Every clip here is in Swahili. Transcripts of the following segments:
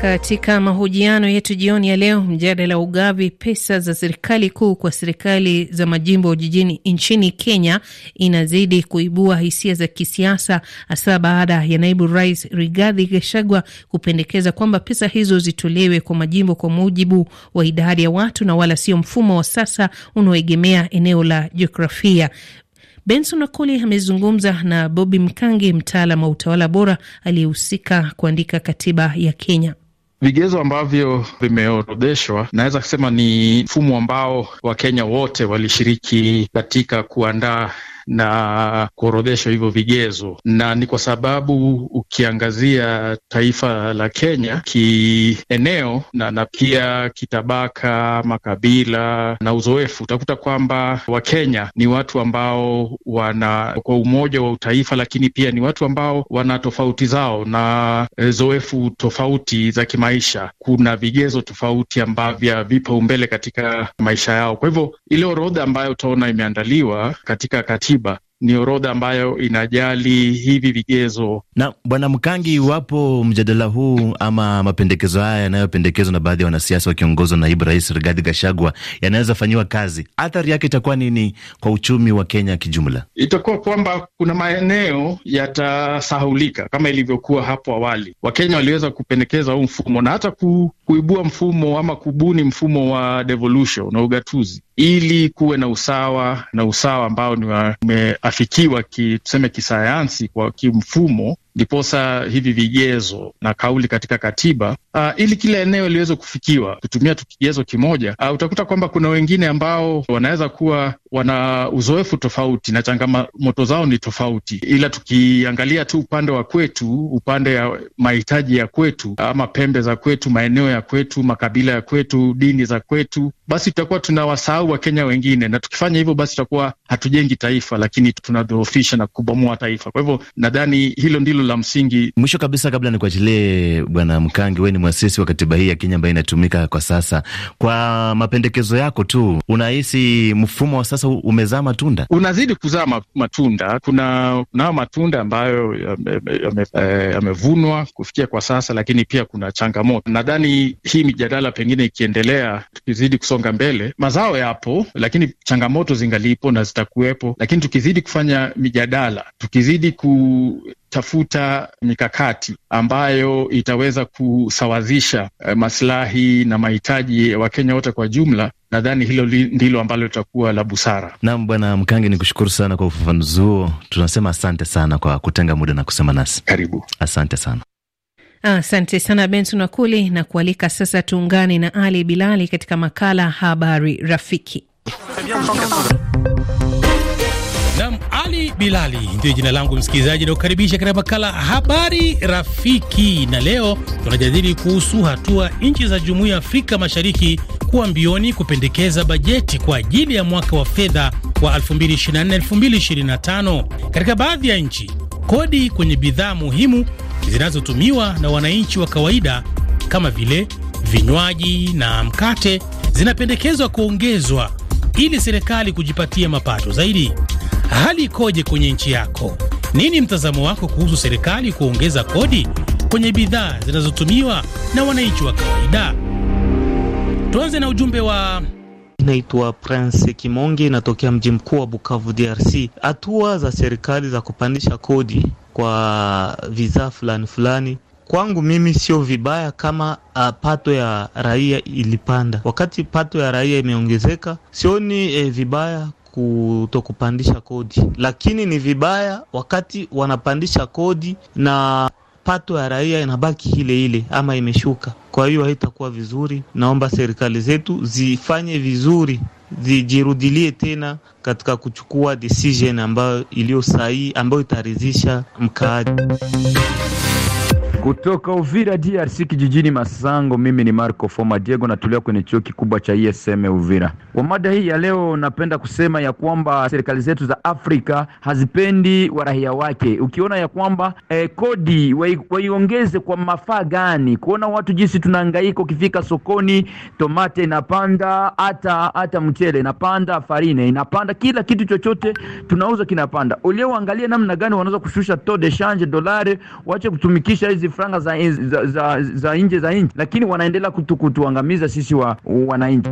Katika mahojiano yetu jioni ya leo, mjadala wa ugavi pesa za serikali kuu kwa serikali za majimbo jijini nchini Kenya inazidi kuibua hisia za kisiasa, hasa baada ya naibu rais Rigathi Gachagua kupendekeza kwamba pesa hizo zitolewe kwa majimbo kwa mujibu wa idadi ya watu na wala sio mfumo wa sasa unaoegemea eneo la jiografia. Benson Wakoli amezungumza na Bobi Mkangi, mtaalam wa utawala bora aliyehusika kuandika katiba ya Kenya. Vigezo ambavyo vimeorodheshwa, naweza kusema ni mfumo ambao Wakenya wote walishiriki katika kuandaa na kuorodhesha hivyo vigezo, na ni kwa sababu ukiangazia taifa la Kenya kieneo na, na pia kitabaka, makabila na uzoefu, utakuta kwamba Wakenya ni watu ambao wana kwa umoja wa utaifa, lakini pia ni watu ambao wana tofauti zao na zoefu tofauti za kimaisha. Kuna vigezo tofauti ambavyo vipaumbele katika maisha yao. Kwa hivyo ile orodha ambayo utaona imeandaliwa katika katiba katiba ni orodha ambayo inajali hivi vigezo. Na Bwana Mkangi, iwapo mjadala huu ama mapendekezo haya yanayopendekezwa na baadhi ya wanasiasa wakiongozwa naibu rais Rigathi Gachagua yanaweza fanyiwa kazi, athari yake itakuwa nini kwa uchumi wa Kenya kijumla? Itakuwa kwamba kuna maeneo yatasahulika kama ilivyokuwa hapo awali. Wakenya waliweza kupendekeza huu mfumo na hata kuibua mfumo ama kubuni mfumo wa devolution na ugatuzi ili kuwe na usawa na usawa ambao umeafikiwa ki, tuseme kisayansi kwa kimfumo ndiposa hivi vigezo na kauli katika katiba uh, ili kila eneo liweze kufikiwa kutumia kigezo kimoja uh, utakuta kwamba kuna wengine ambao wanaweza kuwa wana uzoefu tofauti na changamoto zao ni tofauti, ila tukiangalia tu upande wa kwetu, upande ya mahitaji ya kwetu, ama pembe za kwetu, maeneo ya kwetu, makabila ya kwetu, dini za kwetu, basi tutakuwa tunawasahau Wakenya wengine, na tukifanya hivyo, basi tutakuwa hatujengi taifa, lakini tunadhoofisha na kubomoa taifa. Kwa hivyo nadhani hilo ndilo la msingi. Mwisho kabisa, kabla nikuachilie Bwana Mkangi, wewe ni mwasisi wa katiba hii ya Kenya ambayo inatumika kwa sasa, kwa mapendekezo yako tu, unahisi mfumo wa sasa umezaa matunda, unazidi kuzaa matunda? Kuna nao matunda ambayo yamevunwa yame, yame eh, kufikia kwa sasa, lakini pia kuna changamoto. Nadhani hii mijadala pengine ikiendelea, tukizidi kusonga mbele, mazao yapo, lakini changamoto zingalipo na zitakuwepo, lakini tukizidi kufanya mijadala, tukizidi ku kutafuta mikakati ambayo itaweza kusawazisha eh, masilahi na mahitaji ya Wakenya wote kwa jumla. Nadhani hilo ndilo ambalo litakuwa la busara. Naam, Bwana Mkangi, ni kushukuru sana kwa ufafanuzi huo. Tunasema asante sana kwa kutenga muda na kusema nasi. Karibu, asante sana. Asante sana Benson Wakuli, na kualika sasa tuungane na Ali Bilali katika makala Habari Rafiki. Ali Bilali ndiyo jina langu msikilizaji, inayokaribisha katika makala Habari Rafiki, na leo tunajadili kuhusu hatua nchi za Jumuiya ya Afrika Mashariki kuwa mbioni kupendekeza bajeti kwa ajili ya mwaka wa fedha wa 2024-2025. Katika baadhi ya nchi, kodi kwenye bidhaa muhimu zinazotumiwa na wananchi wa kawaida kama vile vinywaji na mkate zinapendekezwa kuongezwa ili serikali kujipatia mapato zaidi. Hali ikoje kwenye nchi yako? Nini mtazamo wako kuhusu serikali kuongeza kodi kwenye bidhaa zinazotumiwa na wananchi wa kawaida? Tuanze na ujumbe wa Naitwa Prince Kimonge, natokea mji mkuu wa Bukavu, DRC. Hatua za serikali za kupandisha kodi kwa vizaa fulani fulani kwangu mimi sio vibaya kama a, uh, pato ya raia ilipanda. Wakati pato ya raia imeongezeka, sioni e, vibaya kutokupandisha kodi, lakini ni vibaya wakati wanapandisha kodi na pato ya raia inabaki ile ile ama imeshuka. Kwa hiyo haitakuwa vizuri. Naomba serikali zetu zifanye vizuri, zijirudilie tena katika kuchukua decision ambayo iliyo sahihi, ambayo itaridhisha mkaaji. Kutoka Uvira DRC kijijini Masango, mimi ni Marco Foma Diego, natulia kwenye chuo kikubwa cha ISM e Uvira. Kwa mada hii ya leo, napenda kusema ya kwamba serikali zetu za Afrika hazipendi warahia wake. Ukiona ya kwamba eh, kodi waiongeze kwa mafaa gani? Kuona watu jinsi tunahangaika, ukifika sokoni tomate inapanda, hata hata mchele inapanda, farine inapanda, kila kitu chochote tunauza kinapanda. Ulio angalia namna gani wanaweza kushusha taux de change dolare, wache kutumikisha hizi franga za, za, za, za nje za nje, lakini wanaendelea kutuangamiza sisi wa, wananchi.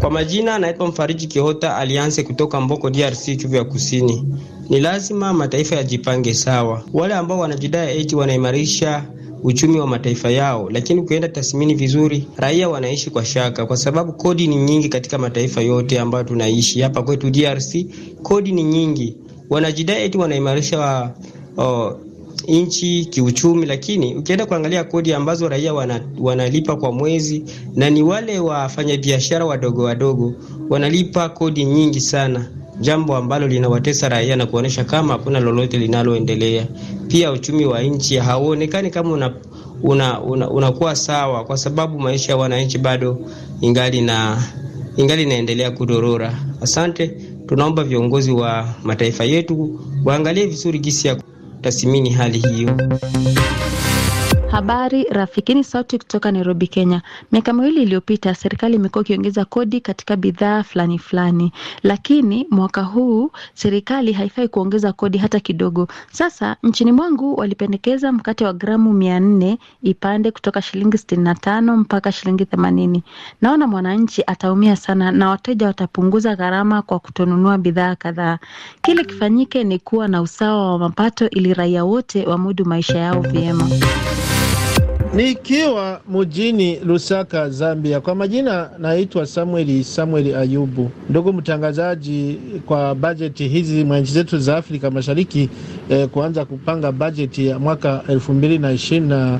Kwa majina anaitwa Mfariji Kihota Alianse kutoka Mboko, DRC, Kivu ya Kusini. Ni lazima mataifa yajipange sawa. Wale ambao wanajidai eti wanaimarisha uchumi wa mataifa yao, lakini ukienda tathmini vizuri, raia wanaishi kwa shaka, kwa sababu kodi ni nyingi katika mataifa yote ambayo tunaishi hapa kwetu DRC. Kodi ni nyingi, wanajidai eti wanaimarisha wa, oh, nchi kiuchumi, lakini ukienda kuangalia kodi ambazo raia wana, wanalipa kwa mwezi, na ni wale wafanyabiashara wadogo wadogo wanalipa kodi nyingi sana, jambo ambalo linawatesa raia na kuonyesha kama hakuna lolote linaloendelea. Pia uchumi wa nchi hauonekani kama una unakuwa una, una sawa kwa sababu maisha ya wananchi bado ingali na ingali inaendelea kudorora. Asante, tunaomba viongozi wa mataifa yetu waangalie vizuri gisi ya tathmini hali hiyo. Habari rafiki, ni Sauti kutoka Nairobi, Kenya. Miaka miwili iliyopita, serikali imekuwa ikiongeza kodi katika bidhaa fulani fulani, lakini mwaka huu serikali haifai kuongeza kodi hata kidogo. Sasa nchini mwangu walipendekeza mkate wa gramu mia nne ipande kutoka shilingi sitini na tano mpaka shilingi themanini. Naona mwananchi ataumia sana na wateja watapunguza gharama kwa kutonunua bidhaa kadhaa. Kile kifanyike ni kuwa na usawa wa mapato ili raia wote wamudu maisha yao vyema. Nikiwa mjini Lusaka, Zambia. Kwa majina naitwa Samueli Samueli Ayubu. Ndugu mtangazaji, kwa bajeti hizi mwa nchi zetu za Afrika Mashariki eh, kuanza kupanga bajeti ya mwaka 2024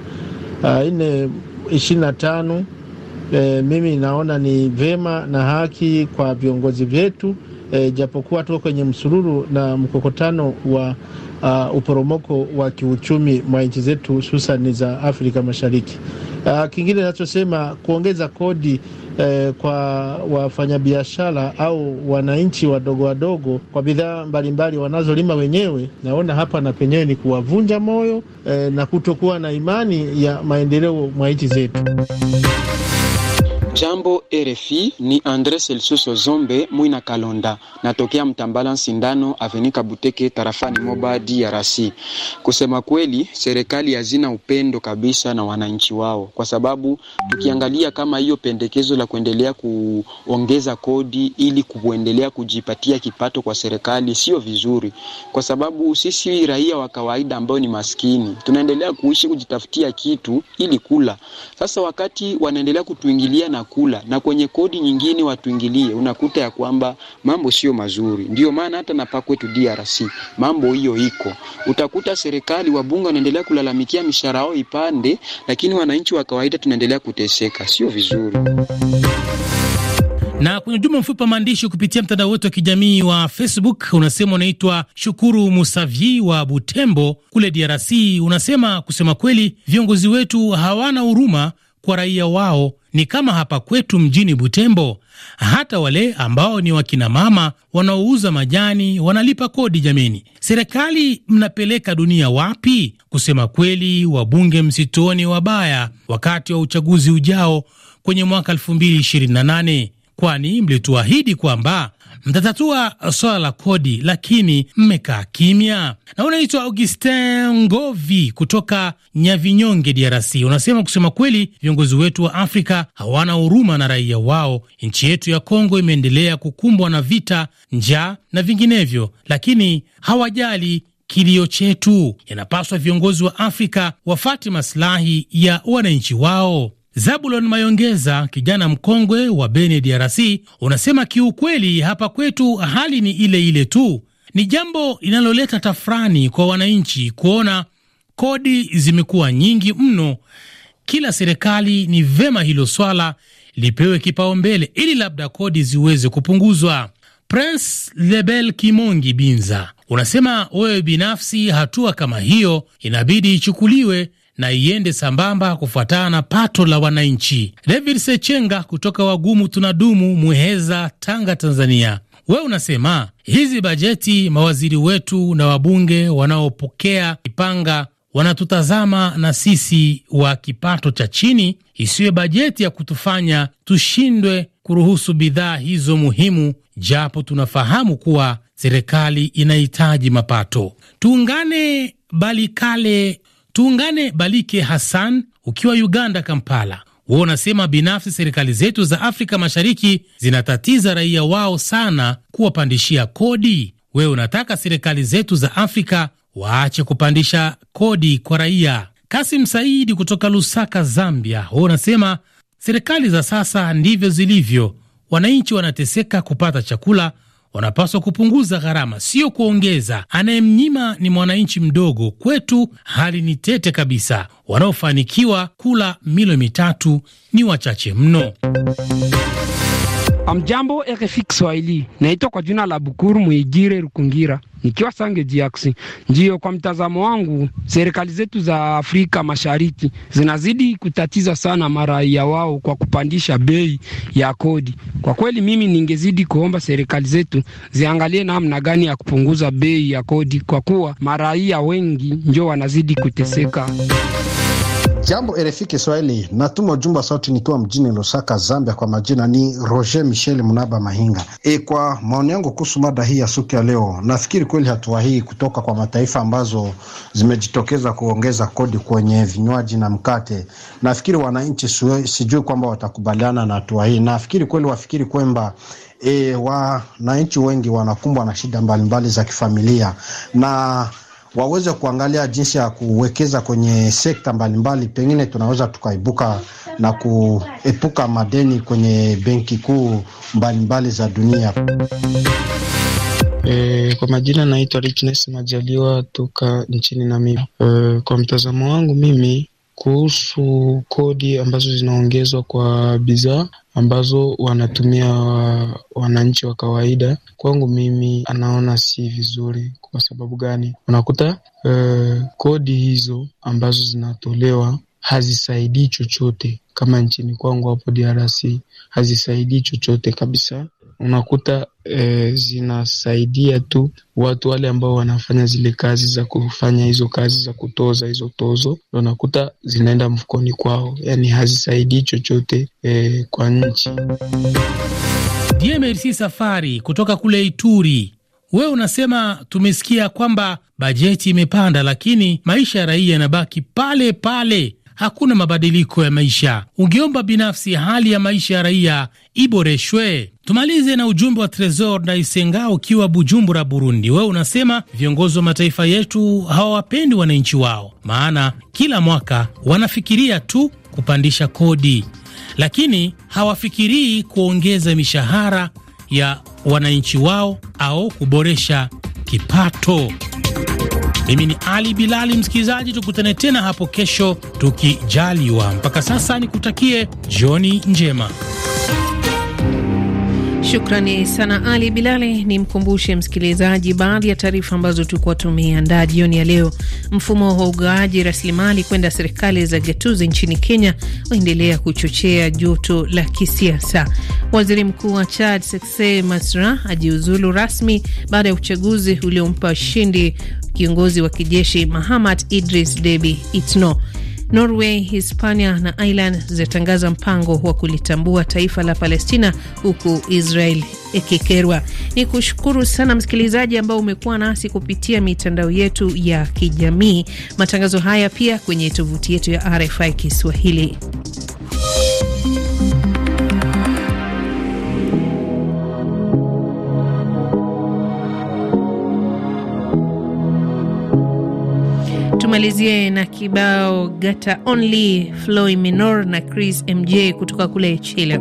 25 eh, eh, mimi naona ni vema na haki kwa viongozi vyetu e, japokuwa tuko kwenye msururu na mkokotano wa uh, uporomoko wa kiuchumi mwa nchi zetu hususan za Afrika Mashariki. Uh, kingine nachosema kuongeza kodi eh, kwa wafanyabiashara au wananchi wadogo wadogo kwa bidhaa mbalimbali wanazolima wenyewe, naona hapa na penyewe ni kuwavunja moyo eh, na kutokuwa na imani ya maendeleo mwa nchi zetu. Jambo RFI ni Andre Selsuso Zombe Mwina Kalonda, natokea Mtambala Sindano Avenika Buteke, tarafani Moba, DRC. Kusema kweli, serikali hazina upendo kabisa na wananchi wao, kwa sababu tukiangalia kama hiyo pendekezo la kuendelea kuongeza kodi ili kuendelea kujipatia kipato kwa serikali sio vizuri, kwa sababu sisi raia wa kawaida ambao ni maskini tunaendelea kuishi kujitafutia kitu ili kula. Sasa wakati wanaendelea kutuingilia na wanakula, na kwenye kodi nyingine watuingilie, unakuta ya kwamba mambo sio mazuri. Ndio maana hata napa kwetu DRC mambo hiyo iko, utakuta serikali wabunge wanaendelea kulalamikia mishahara yao ipande, lakini wananchi wa kawaida tunaendelea kuteseka, sio vizuri. Na kwenye ujumbe mfupi wa maandishi kupitia mtandao wetu wa kijamii wa Facebook, unasema unaitwa Shukuru Musavi wa Butembo kule DRC. Unasema kusema kweli, viongozi wetu hawana huruma kwa raia wao ni kama hapa kwetu mjini Butembo. Hata wale ambao ni wakinamama wanaouza majani wanalipa kodi. Jameni, serikali mnapeleka dunia wapi? Kusema kweli, wabunge wa wabaya wakati wa uchaguzi ujao kwenye mwaka 2028 kwani mlituahidi kwamba mtatatua swala la kodi, lakini mmekaa kimya. Na unaitwa Augustin Ngovi kutoka Nyavinyonge, DRC, unasema kusema kweli, viongozi wetu wa Afrika hawana huruma na raia wao. Nchi yetu ya Kongo imeendelea kukumbwa na vita, njaa na vinginevyo, lakini hawajali kilio chetu. Yanapaswa viongozi wa Afrika wafate masilahi ya wananchi wao. Zabulon Mayongeza, kijana mkongwe wa Beni, DRC, unasema kiukweli, hapa kwetu hali ni ile ile tu. Ni jambo linaloleta tafrani kwa wananchi kuona kodi zimekuwa nyingi mno kila serikali. Ni vema hilo swala lipewe kipaumbele ili labda kodi ziweze kupunguzwa. Prince Lebel Kimongi Binza unasema wewe binafsi, hatua kama hiyo inabidi ichukuliwe na iende sambamba kufuatana na pato la wananchi. David Sechenga kutoka Wagumu Tunadumu, Muheza, Tanga, Tanzania. We unasema hizi bajeti, mawaziri wetu na wabunge wanaopokea kipanga wanatutazama na sisi wa kipato cha chini, isiwe bajeti ya kutufanya tushindwe kuruhusu bidhaa hizo muhimu, japo tunafahamu kuwa serikali inahitaji mapato. Tuungane Balikale Tuungane Balike Hassan ukiwa Uganda, Kampala. Wao unasema binafsi, serikali zetu za Afrika Mashariki zinatatiza raia wao sana kuwapandishia kodi. Wewe unataka serikali zetu za Afrika waache kupandisha kodi kwa raia. Kasim Saidi kutoka Lusaka, Zambia, wao unasema serikali za sasa ndivyo zilivyo, wananchi wanateseka kupata chakula wanapaswa kupunguza gharama, sio kuongeza. Anayemnyima ni mwananchi mdogo. Kwetu hali ni tete kabisa, wanaofanikiwa kula milo mitatu ni wachache mno. Amjambo, RFI Kiswahili, naitwa kwa jina la Bukuru mwigire Rukungira nikiwa Sange Jiaksi. Ndiyo, kwa mtazamo wangu, serikali zetu za Afrika Mashariki zinazidi kutatiza sana maraia wao kwa kupandisha bei ya kodi. Kwa kweli, mimi ningezidi kuomba serikali zetu ziangalie namna gani ya kupunguza bei ya kodi, kwa kuwa maraia wengi njo wanazidi kuteseka. Jambo RFI Kiswahili, natuma ujumbe sauti nikiwa mjini Lusaka, Zambia. Kwa majina ni Roger Michel Mnaba Mahinga. E, kwa maoni yangu kuhusu mada hii ya suku ya leo, nafikiri kweli hatua hii kutoka kwa mataifa ambazo zimejitokeza kuongeza kodi kwenye vinywaji na mkate, nafikiri wananchi sijui kwamba watakubaliana na hatua hii. Nafikiri kweli wafikiri kwamba e, wananchi wengi wanakumbwa na shida mbalimbali mbali za kifamilia na waweze kuangalia jinsi ya kuwekeza kwenye sekta mbalimbali Pengine tunaweza tukaibuka na kuepuka madeni kwenye benki kuu mbalimbali za dunia. E, kwa majina naitwa Richness Majaliwa toka nchini Namibia. E, kwa mtazamo wangu mimi kuhusu kodi ambazo zinaongezwa kwa bidhaa ambazo wanatumia wananchi wa kawaida, kwangu mimi anaona si vizuri. Kwa sababu gani? Unakuta uh, kodi hizo ambazo zinatolewa hazisaidii chochote, kama nchini kwangu hapo DRC hazisaidii chochote kabisa unakuta e, zinasaidia tu watu wale ambao wanafanya zile kazi za kufanya hizo kazi za kutoza hizo tozo, unakuta zinaenda mfukoni kwao, yani hazisaidii chochote e, kwa nchi. DMRC Safari kutoka kule Ituri, wewe unasema tumesikia kwamba bajeti imepanda, lakini maisha ya raia yanabaki pale pale hakuna mabadiliko ya maisha. Ungeomba binafsi hali ya maisha ya raia iboreshwe. Tumalize na ujumbe wa Tresor isenga ukiwa Bujumbura, Burundi. Wewe unasema viongozi wa mataifa yetu hawawapendi wananchi wao, maana kila mwaka wanafikiria tu kupandisha kodi, lakini hawafikirii kuongeza mishahara ya wananchi wao au kuboresha kipato. Mimi ni Ali Bilali, msikilizaji, tukutane tena hapo kesho tukijaliwa. Mpaka sasa nikutakie jioni njema. Shukrani sana Ali Bilali. Ni mkumbushe msikilizaji baadhi ya taarifa ambazo tulikuwa tumeandaa jioni ya leo. Mfumo wa ugaaji rasilimali kwenda serikali za gatuzi nchini Kenya waendelea kuchochea joto la kisiasa. Waziri mkuu wa Chad Sekse Masra ajiuzulu rasmi baada ya uchaguzi uliompa ushindi kiongozi wa kijeshi Mahamad Idris Deby Itno. Norway, Hispania na Ireland zinatangaza mpango wa kulitambua taifa la Palestina huku Israel ikikerwa. Ni kushukuru sana msikilizaji ambao umekuwa nasi kupitia mitandao yetu ya kijamii. Matangazo haya pia kwenye tovuti yetu ya RFI Kiswahili. Tumalizie na kibao Gata Only Floy Minor na Chris MJ kutoka kule Chile.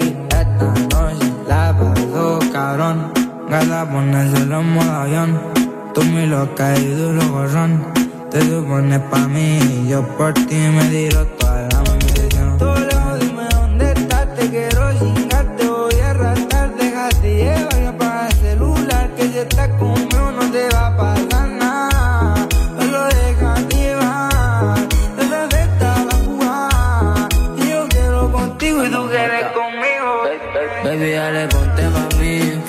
esta noche la pasó cabrón. Gata ponerse los modo avión, tú mi loca y duro gorrón. Te supones pa' mí, yo por ti me diro todo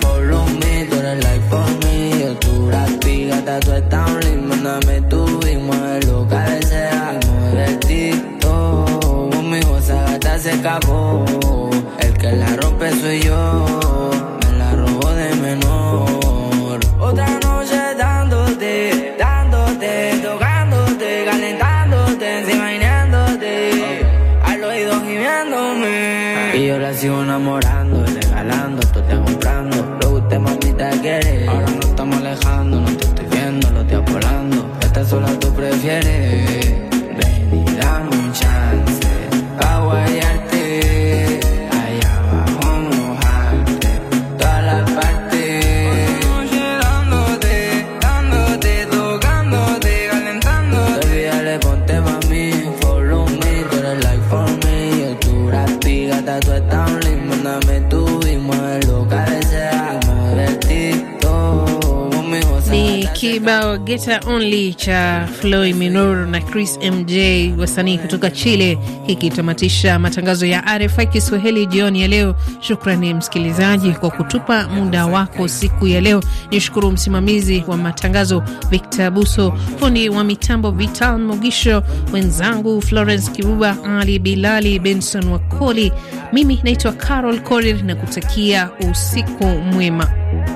follow me, tú eres like for me. Yo tu rapi, gata, tú estás un Mándame tu y mueve lo que deseas. Mueve todo mi cosa gata se acabó. El que la rompe soy yo. Ahora no estamos alejando, no te estoy viendo, lo estoy apurando Esta sola tú prefieres. kibao Geta Only cha floy Minor na Chris MJ, wasanii kutoka Chile, kikitamatisha matangazo ya RFI Kiswahili jioni ya leo. Shukrani msikilizaji kwa kutupa muda wako siku ya leo. Nishukuru msimamizi wa matangazo Victor Buso, fundi wa mitambo Vital mogisho wenzangu Florence Kibuba, Ali Bilali, Benson Wakoli. Mimi naitwa Carol Korir na kutakia usiku mwema.